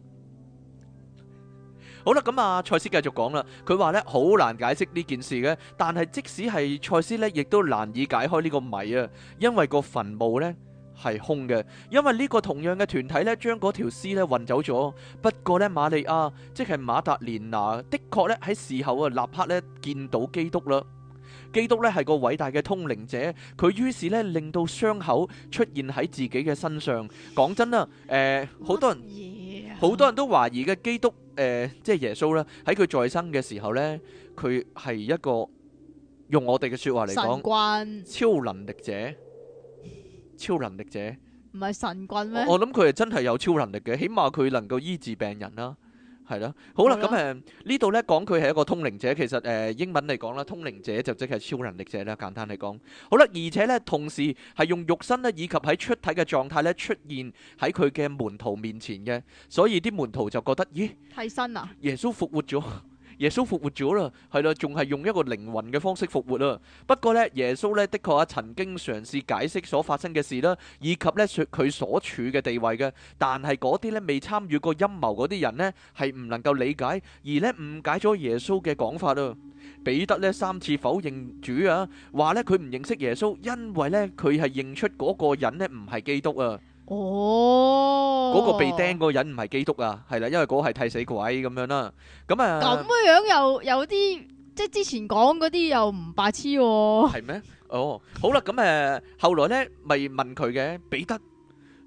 好啦，咁啊，賽斯繼續講啦。佢話呢好難解釋呢件事嘅，但係即使係賽斯呢，亦都難以解開呢個謎啊，因為個墳墓呢係空嘅，因為呢個同樣嘅團體呢將嗰條屍呢運走咗。不過呢，瑪利亞即係馬達蓮娜，的確呢喺事後啊，立刻呢見到基督啦。基督咧，係個偉大嘅通靈者，佢於是咧，令到傷口出現喺自己嘅身上。講真啦，誒、呃，好多人好多人都懷疑嘅基督，誒、呃，即係耶穌啦，喺佢在生嘅時候咧，佢係一個用我哋嘅說話嚟講，神棍。超能力者，超能力者，唔係神棍咩？我諗佢係真係有超能力嘅，起碼佢能夠醫治病人啦。係咯，好啦，咁誒呢度咧講佢係一個通靈者，其實誒、呃、英文嚟講啦，通靈者就即係超能力者啦，簡單嚟講。好啦，而且呢，同時係用肉身咧以及喺出體嘅狀態咧出現喺佢嘅門徒面前嘅，所以啲門徒就覺得咦，替身啊，耶穌復活咗。 *laughs* 耶穌復活咗啦，係啦，仲係用一個靈魂嘅方式復活啦。不過呢，耶穌呢的確啊，曾經嘗試解釋所發生嘅事啦，以及呢佢佢所處嘅地位嘅。但係嗰啲呢未參與過陰謀嗰啲人呢係唔能夠理解，而呢誤解咗耶穌嘅講法啦。彼得呢三次否認主啊，話呢佢唔認識耶穌，因為呢佢係認出嗰個人呢唔係基督啊。哦，嗰個被釘嗰個人唔係基督啊，係啦，因為嗰個係替死鬼咁樣啦，咁啊，咁、嗯、嘅樣又有啲，即係之前講嗰啲又唔白痴喎、啊。係咩？嗯？哦，好啦，咁、嗯、誒、 *laughs* 嗯，後來咧咪問佢嘅彼得。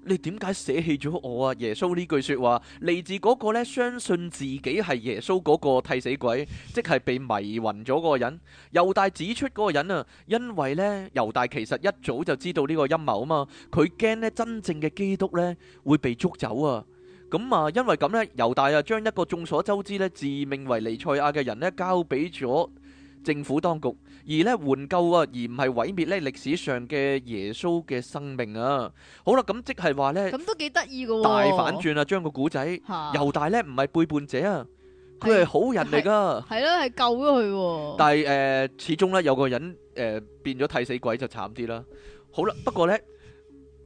你點解捨棄咗我啊？耶穌呢句說話嚟自嗰個呢，相信自己係耶穌嗰個替死鬼，即係被迷暈咗嗰個人。猶大指出嗰個人啊，因為呢，猶大其實一早就知道呢個陰謀啊嘛，佢驚呢真正嘅基督呢會被捉走啊。咁啊，因為咁呢，猶大啊將一個眾所周知呢自命為尼賽亞嘅人呢交俾咗政府當局，而咧援救啊，而唔係毀滅咧歷史上嘅耶穌嘅生命啊！好啦，咁即係話咧，咁都幾得意噶，大反轉啊！將個古仔又大叻唔係背叛者啊，佢係好人嚟噶，係咯，係救咗佢喎。但係誒，始終咧有個人誒變咗替死鬼就慘啲啦。好啦，不過咧，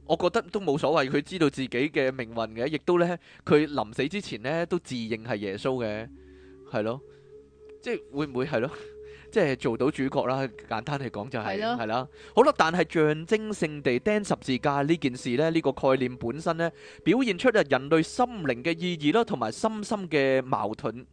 我覺得都冇所謂，佢知道自己嘅命運嘅，亦都咧佢臨死之前咧都自認係耶穌嘅，係咯，即係會唔會係咯？即係做到主角啦，簡單嚟講就係、是、係的啦，好啦，但係象徵性地釘 *noise* 十字架呢件事呢，呢、呢個概念本身呢，表現出啊人類心靈嘅意義啦，同埋深深嘅矛盾，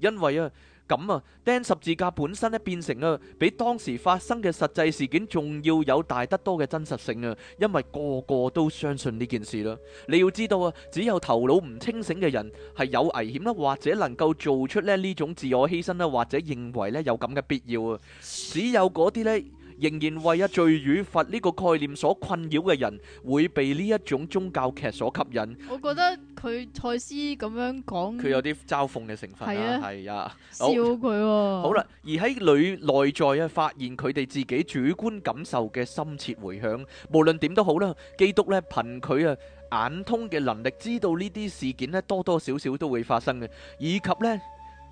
因為啊。咁啊，釘十字架本身咧變成啊，比當時發生嘅實際事件仲要有大得多嘅真實性啊，因為個個都相信呢件事啦。你要知道啊，只有頭腦唔清醒嘅人係有危險啦，或者能夠做出咧呢種自我犧牲啦，或者認為呢有咁嘅必要啊，只有嗰啲呢，仍然為啊罪與罰呢個概念所困擾嘅人，會被呢一種宗教劇所吸引。我覺得佢蔡司咁樣講，佢有啲嘲諷嘅成分啊，係啊，係啊，笑佢。好啦，而喺裏內在啊，發現佢哋自己主觀感受嘅深切回響，無論點都好啦。基督咧，憑佢啊眼通嘅能力，知道呢啲事件咧多多少少都會發生嘅，以及咧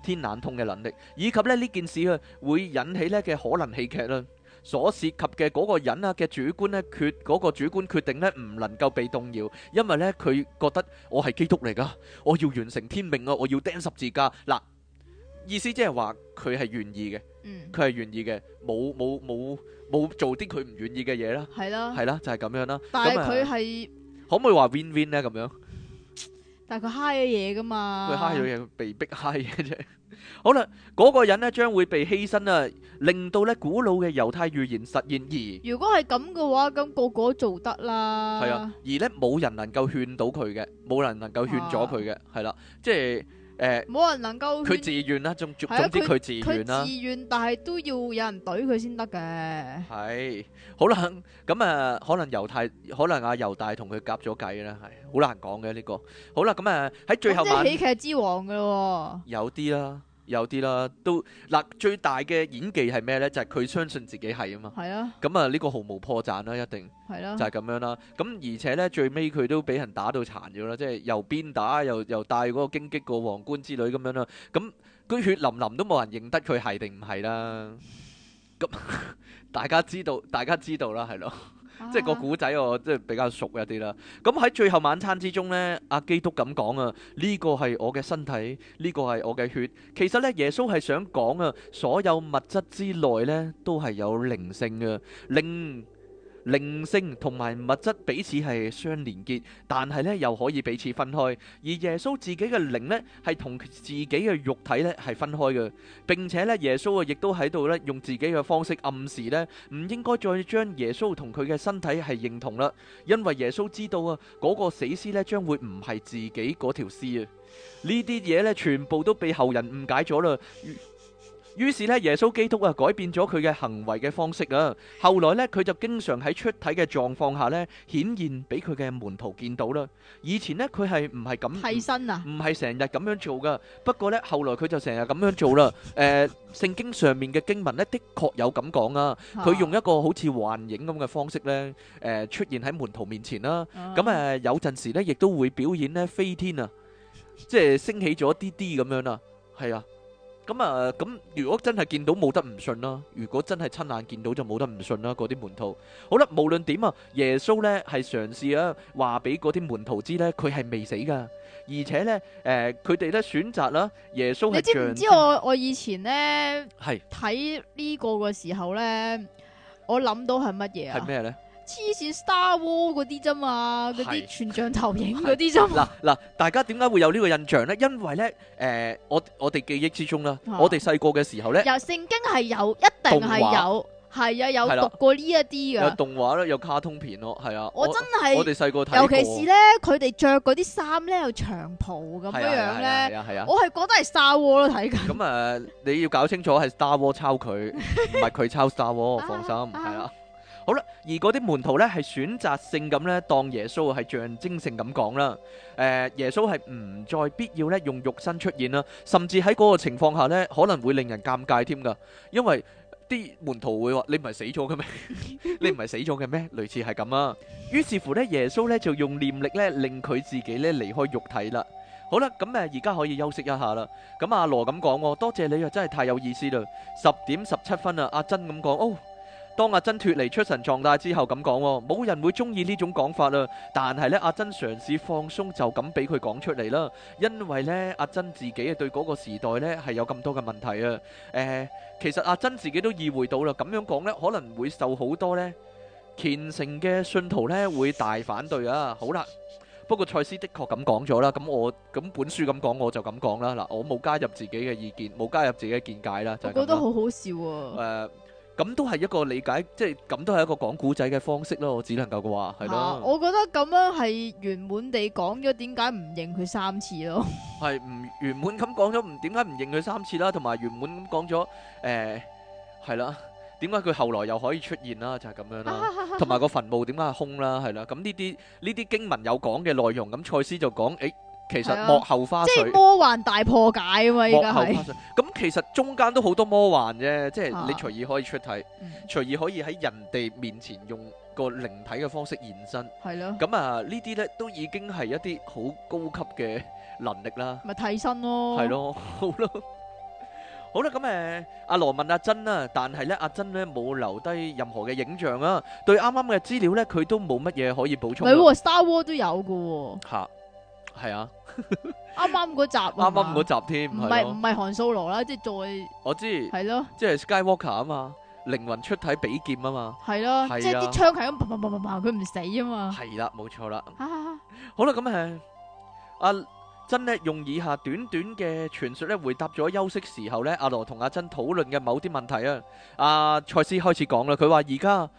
天眼通嘅能力，以及咧呢件事啊會引起咧嘅可能戲劇啦。所涉及嘅嗰個人啊嘅主觀咧，決嗰個主觀決定咧唔能夠被動搖，因為咧佢覺得我係基督嚟㗎，我要完成天命啊，我要釘十字架。嗱，意思即係話佢係願意嘅，嗯、佢係願意嘅，冇、冇、冇、冇做啲佢唔願意嘅嘢啦。係啦，係啦，就係咁樣啦。但係佢係可唔可以話 win win 咧？咁樣。但佢嗨咗嘢噶嘛？佢嗨咗嘢，被逼嗨嘅啫。 *laughs* 好啦，嗰個人咧將會被犧牲啊，令到咧古老嘅猶太預言實現而。如果係咁嘅話，咁個個都做得啦。係啊，而咧冇人能夠勸到佢嘅，冇人能夠勸咗佢嘅，係啦、啊，即係。誒，冇、欸、人能夠佢自願啦，總總之佢自願啦，自願但係都要有人對佢先得嘅。係，好、嗯、啦，咁、嗯、啊，可能猶太，可能阿、啊、猶大同佢夾咗計啦，係，好難講嘅呢個。好啦，咁、嗯、啊，喺最後晚，即係喜劇之王嘅咯、嗯，有啲啦。有啲啦，都嗱最大嘅演技係咩呢？就係、是、佢相信自己係啊嘛。係啊。咁啊，呢個毫無破綻啦，一定。就係咁樣啦。咁而且呢，最尾佢都俾人打到殘咗啦，即係又鞭打，又又帶嗰個荊棘過皇冠之類咁樣啦。咁佢血淋淋都冇人認得佢係定唔係啦。咁 *laughs* 大家知道，大家知道啦，係咯。即係個古仔我即係比較熟一啲啦。咁喺最後晚餐之中呢，阿基督咁講啊，呢個係我嘅身體，呢個係我嘅血。其實呢，耶穌係想講啊，所有物質之內呢，都係有靈性嘅。靈靈性同埋物質彼此係相連結，但係咧，又可以彼此分開。而耶穌自己嘅靈咧，係同自己嘅肉體咧，係分開嘅，並且咧，耶穌啊亦都喺度咧，用自己嘅方式暗示咧，唔應該再將耶穌同佢嘅身體係認同啦，因為耶穌知道啊嗰個死屍咧，將會唔係自己嗰條屍啊，呢啲嘢咧全部都俾後人誤解咗啦。於是咧，耶穌基督啊，改變咗佢嘅行為嘅方式啊。後來咧，佢就經常喺出體嘅狀況下咧，顯現俾佢嘅門徒見到啦。以前咧，佢係唔係咁替身啊？唔係成日咁樣做㗎。不過咧，後來佢就成日咁樣做啦。誒，聖經上面嘅經文咧，的確有咁講啊。佢用一個好似幻影咁嘅方式咧，誒出現喺門徒面前啦。咁誒有陣時咧，亦都會表演咧飛天啊，即係升起咗啲啲咁樣啦。係啊。咁啊，咁如果真係見到冇得唔信啦，如果真係親眼見到就冇得唔信啦，嗰啲門徒。好啦，無論點啊，耶穌咧係嘗試啊話俾嗰啲門徒知咧，佢係未死噶，而且咧誒，佢哋咧選擇啦，耶穌係。你知唔知我我以前咧係睇呢個嘅時候咧，我諗到係乜嘢啊？係咩咧？黐線 Star War 嗰啲啫嘛，嗰啲全像投影嗰啲啫嘛。嗱嗱，大家點解會有呢個印象咧？因為咧，誒，我我哋記憶之中啦，我哋細個嘅時候咧，有聖經係有，一定係有，係啊，有讀過呢一啲嘅。有動畫啦，有卡通片咯，係啊。我真係我哋細個睇，尤其是咧，佢哋着嗰啲衫咧有長袍咁樣樣咧，係啊係啊。我係覺得係 Star War 咯，睇㗎。咁啊，你要搞清楚係 Star War 抄佢，唔係佢抄 Star War，放心，係啊。好啦，而嗰啲門徒咧係選擇性咁咧當耶穌係象徵性咁講啦，誒耶穌係唔再必要咧用肉身出現啦，甚至喺嗰個情況下咧可能會令人尷尬添噶，因為啲門徒會話你唔係死咗嘅咩？你唔係死咗嘅咩？類似係咁啊，於是乎咧耶穌咧就用念力咧令佢自己咧離開肉體啦。好啦，咁誒而家可以休息一下啦。咁阿羅咁講，多謝你啊，真係太有意思啦。十點十七分啦，阿珍咁講哦。當阿珍脫離出神狀態之後咁講，冇人會中意呢種講法啊！但係咧，阿珍嘗試放鬆就咁俾佢講出嚟啦，因為咧阿珍自己啊對嗰個時代咧係有咁多嘅問題啊！誒，其實阿珍自己都意會到啦，咁樣講咧可能會受好多咧虔誠嘅信徒咧會大反對啊！好啦，不過蔡司的確咁講咗啦，咁我咁本書咁講我就咁講啦嗱，我冇加入自己嘅意見，冇加入自己嘅見解啦，就覺得好好笑誒。咁都係一個理解，即係咁都係一個講古仔嘅方式咯。我只能夠嘅話係咯、啊，我覺得咁樣係圓滿地講咗點解唔認佢三， *laughs* 三次咯。係唔圓滿咁講咗，唔點解唔認佢三次啦？同埋圓滿咁講咗，誒係啦，點解佢後來又可以出現、就是、啦？就係咁樣啦。同埋個墳墓點解係空啦？係啦，咁呢啲呢啲經文有講嘅內容，咁賽斯就講誒。欸其實幕後花絮，即係魔幻大破解啊嘛！依家係咁，其實中間都好多魔幻啫，即係你隨意可以出體，隨意可以喺人哋面前用個靈體嘅方式現身，係咯。咁啊，呢啲咧都已經係一啲好高級嘅能力啦。咪替身咯，係咯，好咯，好啦。咁誒，阿羅問阿珍啊，但係咧阿珍咧冇留低任何嘅影像啊，對啱啱嘅資料咧，佢都冇乜嘢可以補充。係 Star Wars 都有噶。吓。係啊，啱啱嗰集，啱啱嗰集添，唔係唔係韓索羅啦，即係再，我知，係咯，即係 Skywalker 啊嘛，靈魂出體比劍啊嘛，係咯，即係啲槍係咁叭叭叭叭叭，佢唔死啊嘛，係啦，冇錯啦，好啦，咁係阿珍咧用以下短短嘅傳說咧回答咗休息時候咧阿羅同阿珍討論嘅某啲問題啊，阿賽斯開始講啦，佢話而家。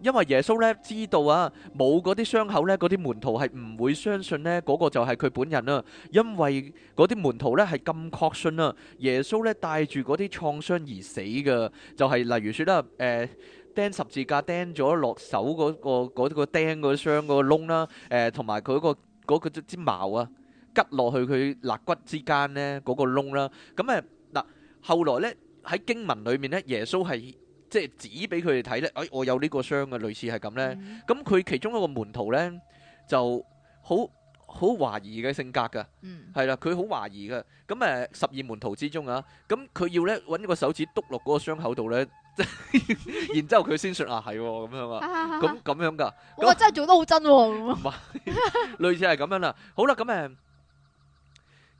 因為耶穌咧知道啊，冇嗰啲傷口咧，嗰啲門徒係唔會相信咧，嗰、那個就係佢本人啊。因為嗰啲門徒咧係咁確信啊。耶穌咧帶住嗰啲創傷而死嘅，就係、是、例如說啦，誒、呃、釘十字架釘咗落手嗰、呃那個嗰、那個釘嗰傷個窿啦，誒同埋佢個嗰個隻矛啊，拮落去佢肋骨之間咧嗰個窿啦。咁誒嗱，後來咧喺經文裏面咧，耶穌係。即係指俾佢哋睇咧，哎，我有呢個傷嘅，類似係咁咧。咁佢、嗯、其中一個門徒咧，就好好懷疑嘅性格噶，係啦、嗯，佢好懷疑噶。咁誒，十二門徒之中、嗯、 *laughs* 啊，咁佢要咧揾一個手指篤落嗰個傷口度咧，然之後佢先說啊，係咁樣啊，咁咁樣噶。我真係做得好真、啊， *laughs* *laughs* 類似係咁樣啦。好啦，咁誒。嗯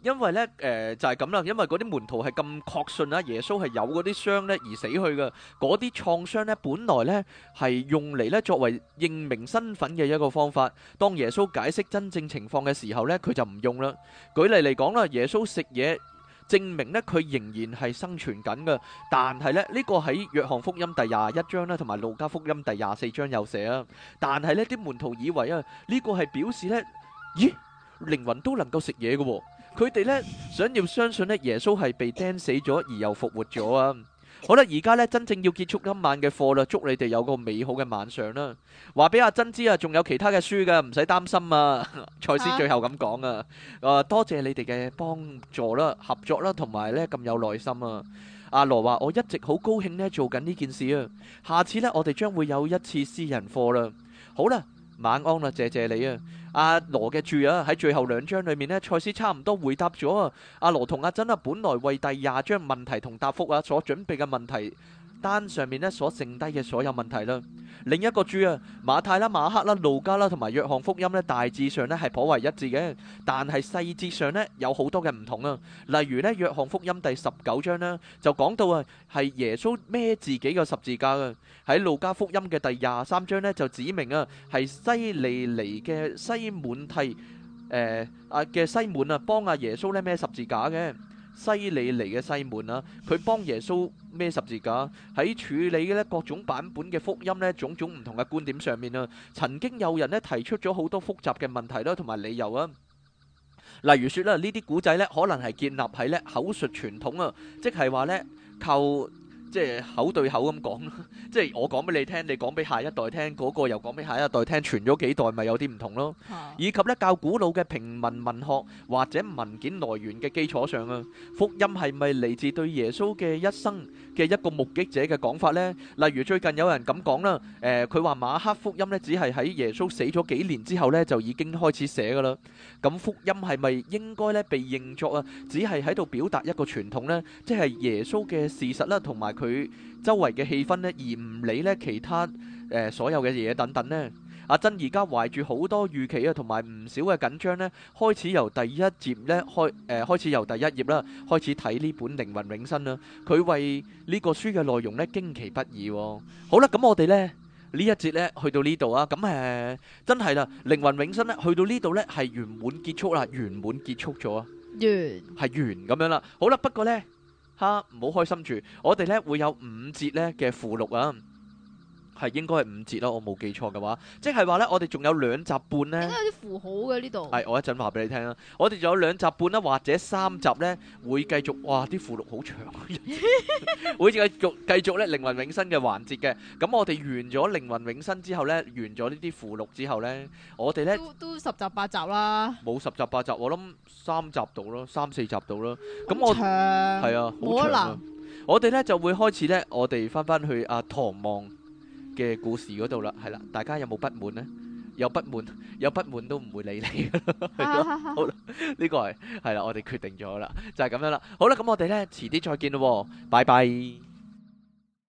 因為呢，誒、呃、就係咁啦。因為嗰啲門徒係咁確信啦，耶穌係有嗰啲傷呢而死去嘅嗰啲創傷呢，本來呢係用嚟呢作為認明身份嘅一個方法。當耶穌解釋真正情況嘅時候呢，佢就唔用啦。舉例嚟講啦，耶穌食嘢證明呢，佢仍然係生存緊嘅，但係呢，呢個喺約翰福音第廿一章啦，同埋路加福音第廿四章有寫啊。但係呢啲門徒以為啊呢、呢個係表示呢，咦靈魂都能夠食嘢嘅喎。佢哋咧想要相信咧耶穌係被釘死咗而又復活咗啊！好啦，而家咧真正要結束今晚嘅課啦，祝你哋有個美好嘅晚上啦！話俾阿珍知啊，仲有其他嘅書噶，唔使擔心啊！蔡師最後咁講啊，誒，多謝你哋嘅幫助啦、合作啦，同埋咧咁有耐心啊！阿羅話：我一直好高興咧做緊呢件事啊！下次咧我哋將會有一次私人課啦。好啦，晚安啦，謝謝你啊！阿羅嘅註啊，喺最後兩章裏面咧，賽斯差唔多回答咗阿羅同阿珍啊，本來為第廿章問題同答覆啊所準備嘅問題。單上面咧所剩低嘅所有問題啦，另一個注啊，馬太啦、馬克啦、路加啦同埋約翰福音咧，大致上咧係頗為一致嘅，但係細節上咧有好多嘅唔同啊，例如呢，約翰福音第十九章呢，就講到啊係耶穌孭自己嘅十字架噶，喺路加福音嘅第廿三章呢，就指明啊係西利尼嘅西滿替誒啊嘅西滿啊幫阿耶穌咧孭十字架嘅。西里尼嘅西門啦，佢幫耶穌咩十字架。喺處理呢各種版本嘅福音呢種種唔同嘅觀點上面啊，曾經有人呢提出咗好多複雜嘅問題啦，同埋理由啊，例如說啦，呢啲古仔呢可能係建立喺呢口述傳統啊，即係話呢靠。即係口對口咁講，即係我講俾你聽，你講俾下一代聽，嗰個又講俾下一代聽，傳咗幾代咪有啲唔同咯。以及咧，較古老嘅平民文學或者文件來源嘅基礎上啊，福音係咪嚟自對耶穌嘅一生嘅一個目擊者嘅講法咧？例如最近有人咁講啦，誒佢話馬克福音咧，只係喺耶穌死咗幾年之後咧，就已經開始寫噶啦。咁福音係咪應該咧被認作啊，只係喺度表達一個傳統咧，即係耶穌嘅事實啦，同埋佢。佢周圍嘅氣氛呢，而唔理呢其他誒所有嘅嘢等等呢。阿珍而家懷住好多預期啊，同埋唔少嘅緊張呢，開始由第一節呢開誒開始由第一頁啦，開始睇呢本靈魂永生啦。佢為呢個書嘅內容呢驚奇不已喎。好啦，咁我哋呢呢一節呢去到呢度啊。咁誒真係啦，靈魂永生呢去到呢度呢係圓滿結束啦，圓滿結束咗啊，完係完咁樣啦。好啦，不過呢。哈，唔好開心住，我哋咧會有五節咧嘅附錄啊。係應該係五節啦，我冇記錯嘅話，即係話咧，我哋仲有兩集半咧。點解有啲符號嘅呢度？係、哎、我一陣話俾你聽啦，我哋仲有兩集半啦，或者三集咧，會繼續哇啲附錄好長， *laughs* *laughs* 會繼續繼續咧靈魂永生嘅環節嘅。咁我哋完咗靈魂永生之後咧，完咗呢啲附錄之後咧，我哋咧都，都十集八集啦。冇十集八集，我諗三集到咯，三四集到咯。咁我、啊、長可能我哋咧就會開始咧，我哋翻翻去啊，唐望。嘅故事嗰度啦，係啦，大家有冇不滿呢？有不滿，有不滿都唔會理你，係 *laughs* 咯。好，呢、這個係係啦，我哋決定咗啦，就係、是、咁樣啦。好啦，咁我哋咧遲啲再見咯，拜拜。